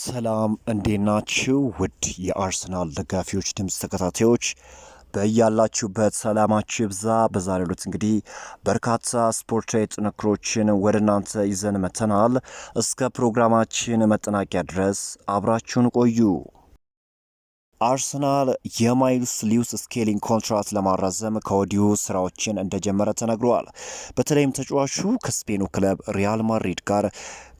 ሰላም እንዴት ናችሁ? ውድ የአርሰናል ደጋፊዎች ድምፅ ተከታታዮች በያላችሁበት ሰላማችሁ ይብዛ። በዛሬው ዕለት እንግዲህ በርካታ ስፖርታዊ ጥንክሮችን ወደ እናንተ ይዘን መተናል። እስከ ፕሮግራማችን መጠናቂያ ድረስ አብራችሁን ቆዩ። አርሰናል የማይልስ ሊውስ ስኬሊንግ ኮንትራት ለማራዘም ከወዲሁ ስራዎችን እንደጀመረ ተነግሯል። በተለይም ተጫዋቹ ከስፔኑ ክለብ ሪያል ማድሪድ ጋር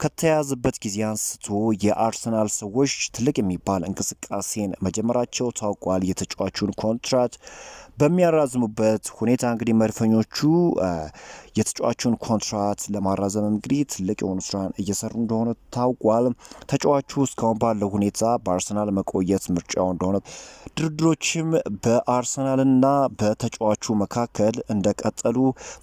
ከተያያዘበት ጊዜ አንስቶ የአርሰናል ሰዎች ትልቅ የሚባል እንቅስቃሴን መጀመራቸው ታውቋል። የተጫዋቹን ኮንትራት በሚያራዝሙበት ሁኔታ እንግዲህ መድፈኞቹ የተጫዋቹን ኮንትራት ለማራዘም እንግዲህ ትልቅ የሆኑ ስራን እየሰሩ እንደሆነ ታውቋል። ተጫዋቹ እስካሁን ባለው ሁኔታ በአርሰናል መቆየት ምርጫው እንደሆነ ነው። ድርድሮችም በአርሰናልና በተጫዋቹ መካከል እንደቀጠሉ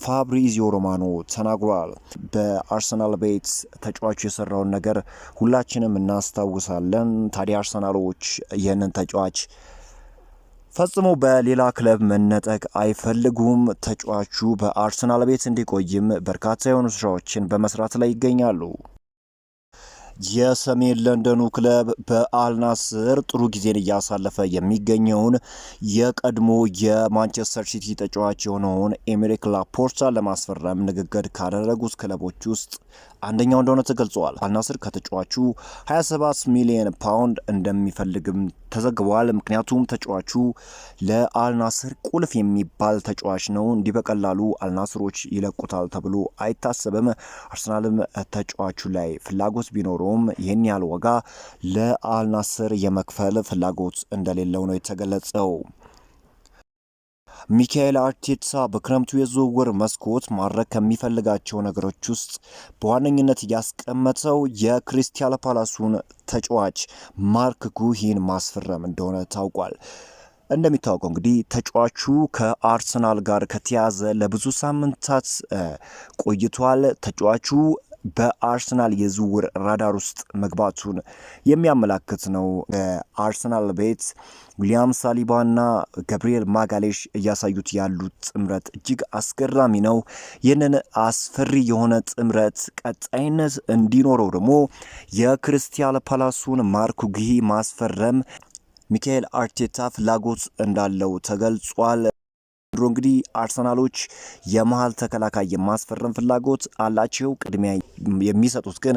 ፋብሪዚዮ ሮማኖ ተናግሯል። በአርሰናል ቤት ተጫዋቹ የሰራውን ነገር ሁላችንም እናስታውሳለን። ታዲያ አርሰናሎች ይህንን ተጫዋች ፈጽሞ በሌላ ክለብ መነጠቅ አይፈልጉም። ተጫዋቹ በአርሰናል ቤት እንዲቆይም በርካታ የሆኑ ስራዎችን በመስራት ላይ ይገኛሉ። የሰሜን ለንደኑ ክለብ በአልናስር ጥሩ ጊዜን እያሳለፈ የሚገኘውን የቀድሞ የማንቸስተር ሲቲ ተጫዋች የሆነውን ኤሜሪክ ላፖርታ ለማስፈረም ንግግር ካደረጉት ክለቦች ውስጥ አንደኛው እንደሆነ ተገልጿል። አልናስር ከተጫዋቹ 27 ሚሊዮን ፓውንድ እንደሚፈልግም ተዘግቧል። ምክንያቱም ተጫዋቹ ለአልናስር ቁልፍ የሚባል ተጫዋች ነው። እንዲህ በቀላሉ አልናስሮች ይለቁታል ተብሎ አይታሰብም። አርሰናልም ተጫዋቹ ላይ ፍላጎት ቢኖረው ሆኖም ይህን ያህል ዋጋ ለአልናስር የመክፈል ፍላጎት እንደሌለው ነው የተገለጸው። ሚካኤል አርቴታ በክረምቱ የዝውውር መስኮት ማድረግ ከሚፈልጋቸው ነገሮች ውስጥ በዋነኝነት ያስቀመጠው የክሪስታል ፓላሱን ተጫዋች ማርክ ጉሂን ማስፈረም እንደሆነ ታውቋል። እንደሚታወቀው እንግዲህ ተጫዋቹ ከአርሰናል ጋር ከተያዘ ለብዙ ሳምንታት ቆይቷል። ተጫዋቹ በአርሰናል የዝውውር ራዳር ውስጥ መግባቱን የሚያመላክት ነው። በአርሰናል ቤት ዊሊያም ሳሊባ እና ገብርኤል ማጋሌሽ እያሳዩት ያሉት ጥምረት እጅግ አስገራሚ ነው። ይህንን አስፈሪ የሆነ ጥምረት ቀጣይነት እንዲኖረው ደግሞ የክርስቲያል ፓላሱን ማርክ ጉሂ ማስፈረም ሚካኤል አርቴታ ፍላጎት እንዳለው ተገልጿል። ድሮ እንግዲህ አርሰናሎች የመሀል ተከላካይ የማስፈረም ፍላጎት አላቸው። ቅድሚያ የሚሰጡት ግን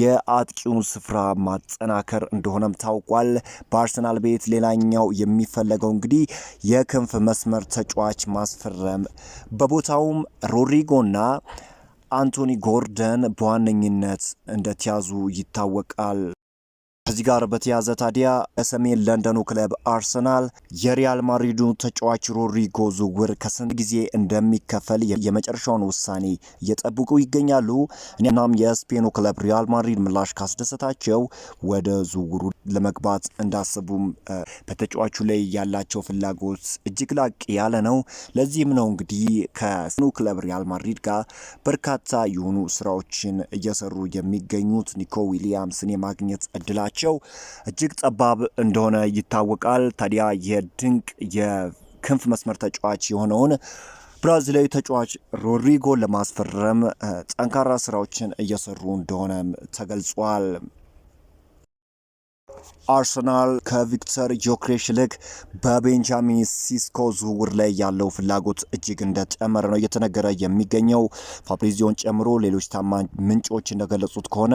የአጥቂውን ስፍራ ማጠናከር እንደሆነም ታውቋል። በአርሰናል ቤት ሌላኛው የሚፈለገው እንግዲህ የክንፍ መስመር ተጫዋች ማስፈረም በቦታውም ሮድሪጎና አንቶኒ ጎርደን በዋነኝነት እንደተያዙ ይታወቃል። ከዚህ ጋር በተያዘ ታዲያ የሰሜን ለንደኑ ክለብ አርሰናል የሪያል ማድሪዱ ተጫዋች ሮድሪጎ ዝውውር ከስንት ጊዜ እንደሚከፈል የመጨረሻውን ውሳኔ እየጠብቁ ይገኛሉ። እናም የስፔኑ ክለብ ሪያል ማድሪድ ምላሽ ካስደሰታቸው ወደ ዝውውሩ ለመግባት እንዳሰቡም በተጫዋቹ ላይ ያላቸው ፍላጎት እጅግ ላቅ ያለ ነው። ለዚህም ነው እንግዲህ ከስኑ ክለብ ሪያል ማድሪድ ጋር በርካታ የሆኑ ስራዎችን እየሰሩ የሚገኙት ኒኮ ዊሊያምስን የማግኘት እድላቸው ርቀታቸው እጅግ ጠባብ እንደሆነ ይታወቃል። ታዲያ የድንቅ የክንፍ መስመር ተጫዋች የሆነውን ብራዚላዊ ተጫዋች ሮድሪጎ ለማስፈረም ጠንካራ ስራዎችን እየሰሩ እንደሆነም ተገልጿል። አርሰናል ከቪክተር ጆክሬሽ ልክ በቤንጃሚን ሲስኮ ዝውውር ላይ ያለው ፍላጎት እጅግ እንደጨመረ ነው እየተነገረ የሚገኘው። ፋብሪዚዮን ጨምሮ ሌሎች ታማኝ ምንጮች እንደገለጹት ከሆነ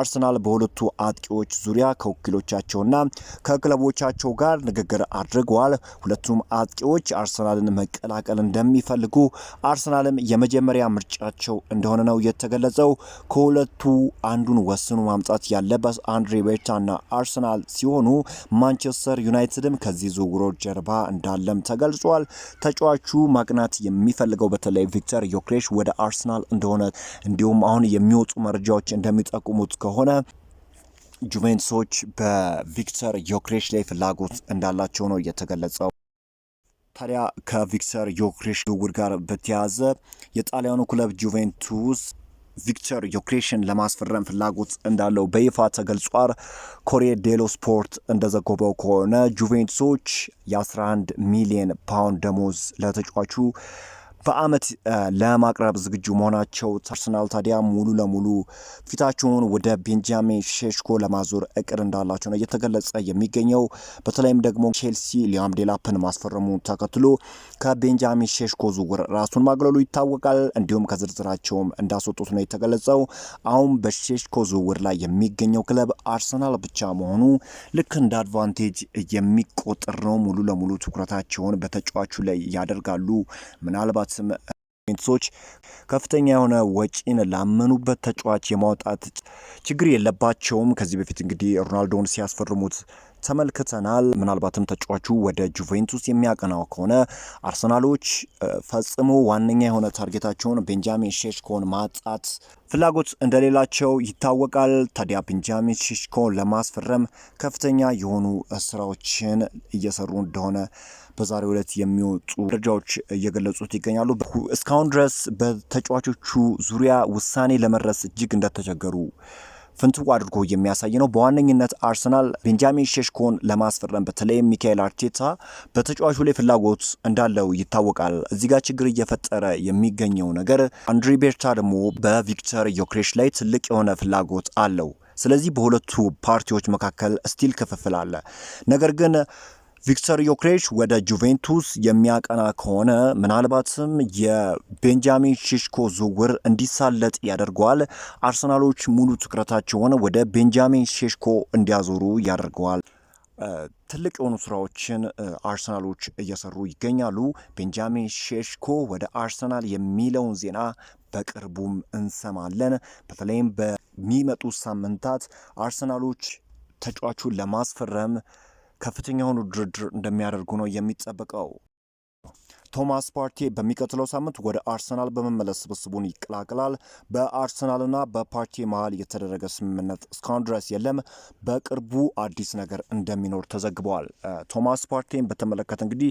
አርሰናል በሁለቱ አጥቂዎች ዙሪያ ከወኪሎቻቸውና ከክለቦቻቸው ጋር ንግግር አድርገዋል። ሁለቱም አጥቂዎች አርሰናልን መቀላቀል እንደሚፈልጉ፣ አርሰናልም የመጀመሪያ ምርጫቸው እንደሆነ ነው የተገለጸው። ከሁለቱ አንዱን ወስኑ ማምጣት ያለበት አንድሬ ቤርታና አርሰናል አርሰናል ሲሆኑ ማንቸስተር ዩናይትድም ከዚህ ዝውውሮች ጀርባ እንዳለም ተገልጿል። ተጫዋቹ ማቅናት የሚፈልገው በተለይ ቪክተር ዮክሬሽ ወደ አርሰናል እንደሆነ እንዲሁም አሁን የሚወጡ መረጃዎች እንደሚጠቁሙት ከሆነ ጁቬንቱሶች በቪክተር ዮክሬሽ ላይ ፍላጎት እንዳላቸው ነው የተገለጸው። ታዲያ ከቪክተር ዮክሬሽ ዝውውር ጋር በተያያዘ የጣሊያኑ ክለብ ጁቬንቱስ ቪክተር ዮክሬሽን ለማስፈረም ፍላጎት እንዳለው በይፋ ተገልጿል። ኮሬ ዴሎ ስፖርት እንደዘገበው ከሆነ ጁቬንቱሶች የ11 ሚሊየን ፓውንድ ደሞዝ ለተጫዋቹ በአመት ለማቅረብ ዝግጁ መሆናቸው አርሰናል ታዲያ ሙሉ ለሙሉ ፊታቸውን ወደ ቤንጃሚን ሼሽኮ ለማዞር እቅድ እንዳላቸው ነው እየተገለጸ የሚገኘው። በተለይም ደግሞ ቼልሲ ሊያም ዴላፕን ማስፈረሙ ተከትሎ ከቤንጃሚን ሼሽኮ ዝውውር ራሱን ማግለሉ ይታወቃል። እንዲሁም ከዝርዝራቸውም እንዳስወጡት ነው የተገለጸው። አሁን በሼሽኮ ዝውውር ላይ የሚገኘው ክለብ አርሰናል ብቻ መሆኑ ልክ እንደ አድቫንቴጅ የሚቆጠር ነው። ሙሉ ለሙሉ ትኩረታቸውን በተጫዋቹ ላይ ያደርጋሉ ምናልባት ጁቬንቱሶች ከፍተኛ የሆነ ወጪን ላመኑበት ተጫዋች የማውጣት ችግር የለባቸውም። ከዚህ በፊት እንግዲህ ሮናልዶን ሲያስፈርሙት ተመልክተናል። ምናልባትም ተጫዋቹ ወደ ጁቬንቱስ የሚያቀናው ከሆነ አርሰናሎች ፈጽሞ ዋነኛ የሆነ ታርጌታቸውን ቤንጃሚን ሼሽኮን ማጣት ፍላጎት እንደሌላቸው ይታወቃል። ታዲያ ቤንጃሚን ሼሽኮን ለማስፈረም ከፍተኛ የሆኑ ስራዎችን እየሰሩ እንደሆነ በዛሬ ዕለት የሚወጡ መረጃዎች እየገለጹት ይገኛሉ። እስካሁን ድረስ በተጫዋቾቹ ዙሪያ ውሳኔ ለመድረስ እጅግ እንደተቸገሩ ፍንትው አድርጎ የሚያሳይ ነው። በዋነኝነት አርሰናል ቤንጃሚን ሼሽኮን ለማስፈረም በተለይም ሚካኤል አርቴታ በተጫዋቹ ላይ ፍላጎት እንዳለው ይታወቃል። እዚህ ጋር ችግር እየፈጠረ የሚገኘው ነገር አንድሪ ቤርታ ደግሞ በቪክተር ዮክሬሽ ላይ ትልቅ የሆነ ፍላጎት አለው። ስለዚህ በሁለቱ ፓርቲዎች መካከል ስቲል ክፍፍል አለ። ነገር ግን ቪክተር ዮክሬሽ ወደ ጁቬንቱስ የሚያቀና ከሆነ ምናልባትም የቤንጃሚን ሼሽኮ ዝውውር እንዲሳለጥ ያደርገዋል። አርሰናሎች ሙሉ ትኩረታቸውን ወደ ቤንጃሚን ሼሽኮ እንዲያዞሩ ያደርገዋል። ትልቅ የሆኑ ስራዎችን አርሰናሎች እየሰሩ ይገኛሉ። ቤንጃሚን ሼሽኮ ወደ አርሰናል የሚለውን ዜና በቅርቡም እንሰማለን። በተለይም በሚመጡ ሳምንታት አርሰናሎች ተጫዋቹን ለማስፈረም ከፍተኛ ድርድር እንደሚያደርጉ ነው የሚጠበቀው። ቶማስ ፓርቲ በሚቀጥለው ሳምንት ወደ አርሰናል በመመለስ ስብስቡን ይቀላቀላል። በአርሰናልና በፓርቲ መሀል የተደረገ ስምምነት እስካሁን ድረስ የለም። በቅርቡ አዲስ ነገር እንደሚኖር ተዘግበዋል። ቶማስ ፓርቲን በተመለከተ እንግዲህ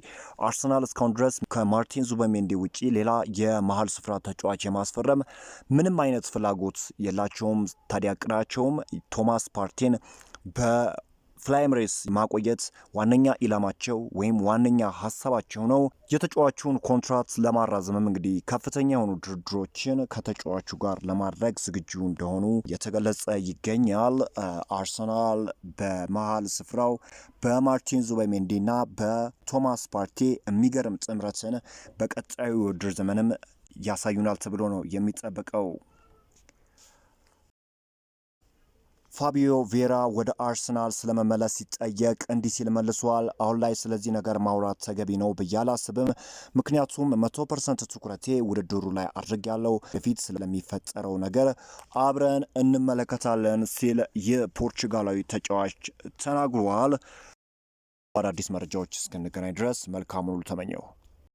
አርሰናል እስካሁን ድረስ ከማርቲን ዙበሜንዴ ውጪ ሌላ የመሀል ስፍራ ተጫዋች የማስፈረም ምንም አይነት ፍላጎት የላቸውም። ታዲያ ቅዳቸውም ቶማስ ፓርቲን በ ፍላይምሬስ ማቆየት ዋነኛ ኢላማቸው ወይም ዋነኛ ሀሳባቸው ነው። የተጫዋቹን ኮንትራት ለማራዘምም እንግዲህ ከፍተኛ የሆኑ ድርድሮችን ከተጫዋቹ ጋር ለማድረግ ዝግጁ እንደሆኑ የተገለጸ ይገኛል። አርሰናል በመሀል ስፍራው በማርቲን ዙበሜንዲና በቶማስ ፓርቴ የሚገርም ጥምረትን በቀጣዩ ውድድር ዘመንም ያሳዩናል ተብሎ ነው የሚጠበቀው። ፋቢዮ ቬራ ወደ አርሰናል ስለመመለስ ሲጠየቅ እንዲህ ሲል መልሷል። አሁን ላይ ስለዚህ ነገር ማውራት ተገቢ ነው ብዬ አላስብም፣ ምክንያቱም መቶ ፐርሰንት ትኩረቴ ውድድሩ ላይ አድርግ ያለው በፊት ስለሚፈጠረው ነገር አብረን እንመለከታለን ሲል የፖርቹጋላዊ ተጫዋች ተናግሯል። አዳዲስ መረጃዎች እስክንገናኝ ድረስ መልካሙን ሁሉ ተመኘው።